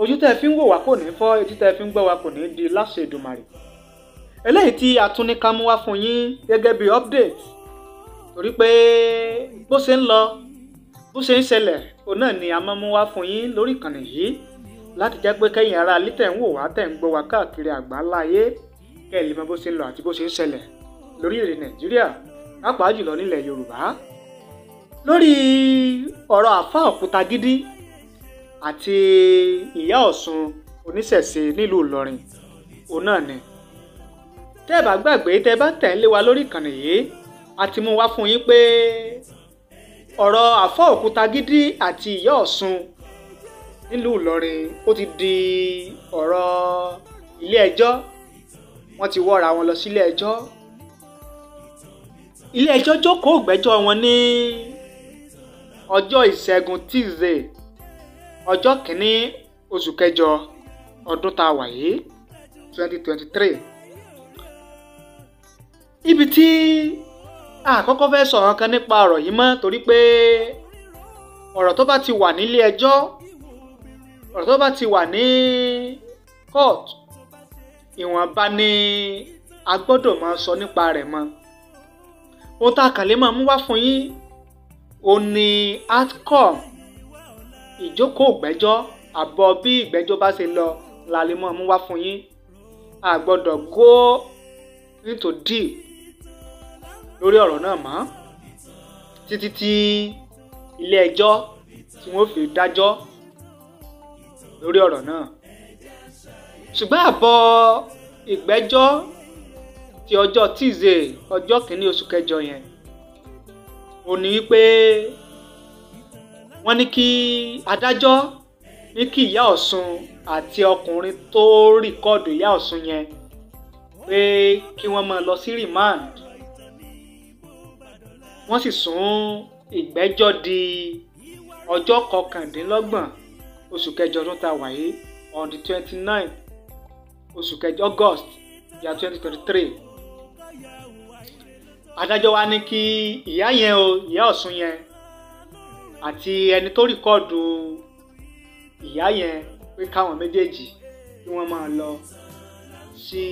ojú tẹ́ fi ń wò wá kò ní fọ́ etí tẹ́ fi ń gbọ́ wá kò ní di láṣẹ Èdùmàrè eléyìí tí a tún ní ká mú wá fún yín gẹ́gẹ́ bí update torí pé bó ṣe ń lọ bó ṣe ń ṣẹlẹ̀ òun náà ni a máa mú wá fún yín lórí ìkànnì yìí láti jẹ́ pé kẹ́yìn ara alẹ́ tẹ̀ ń wò wá tẹ̀ ń gbọ́ wá káàkiri àgbáńlá ayé kẹ́ ẹ̀ lè mọ bó ṣe ń lọ àti bó ṣe ń ṣẹlẹ̀ lórí èrè Nàìjíríà pàápàá jùlọ nílẹ̀ Yorùbá lórí ọ̀rọ̀ àfa Òkútagídí àti ìyá ọ̀ṣun oníṣẹ̀ṣe nílùú ìlọrin òun náà ni. tẹ́ ẹ bá gbàgbé tẹ́ ẹ bá tẹ̀lé wa lórí ìkànnì yìí a ti mú wá fún yín pé ọ̀rọ̀ àfọ́ òkútagídí àti ìyá ọ̀ṣun nílùú ìlọrin ó ti di ọ̀rọ̀ ilé ẹjọ́ wọ́n ti wọ́ra wọn lọ sílé ẹjọ́ ilé ẹjọ́ jókòó ìgbẹ́jọ́ wọn ní ọjọ́ ìṣẹ́gun Tuesday ọjọ́ kìíní oṣù kẹjọ ọdún tá a wà yìí twenty twenty three ibi tí àkọ́kọ́ fẹ́ sọ̀rọ̀ kan nípa ọ̀rọ̀ yìí mọ́ torí pé ọ̀rọ̀ tó bá ti wà nílé ẹjọ́ ọ̀rọ̀ tó bá ti wà ní court ìwọ̀nba ni a gbọ́dọ̀ máa sọ nípa rẹ̀ mọ́ ohun tá a kàn lè máa mú wá fún yín òun ni outcome ìjókòó ìgbẹ́jọ́ àbọ̀ bí ìgbẹ́jọ́ bá ṣe lọ la lè mọ̀ mú wá fún yín a gbọ́dọ̀ go into deep lórí ọ̀rọ̀ náà mọ́ títí tí ilé ẹjọ́ tí wọ́n fi dájọ́ lórí ọ̀rọ̀ náà ṣùgbọ́n àbọ̀ ìgbẹ́jọ́ ti ọjọ́ tíze ọjọ́ kìíní oṣù kẹjọ yẹn ó wípé wọ́n ní kí adájọ́ ní kí ìyá ọ̀sùn àti ọkùnrin tó rìkọ́ọ̀dù ìyá ọ̀sùn yẹn pé kí wọ́n máa lọ sí remand wọ́n sì sún ìgbẹ́jọ́ di ọjọ́ kọkàndínlọ́gbọ̀n oṣù kẹjọ ọdún tá a on the twenty nine oṣù kẹjọ august year twenty twenty three adájọ́ wa ní kí ìyá yẹn o ìyá ọ̀sùn yẹn àti ẹni tó rìkọ́ọ̀dù ìyá yẹn pé káwọn méjèèjì kí wọ́n máa lọ sí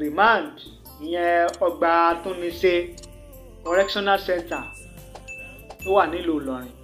remand ìyẹn ọgbà túnmíṣe correctional center tó wà nílùú Ìlọrin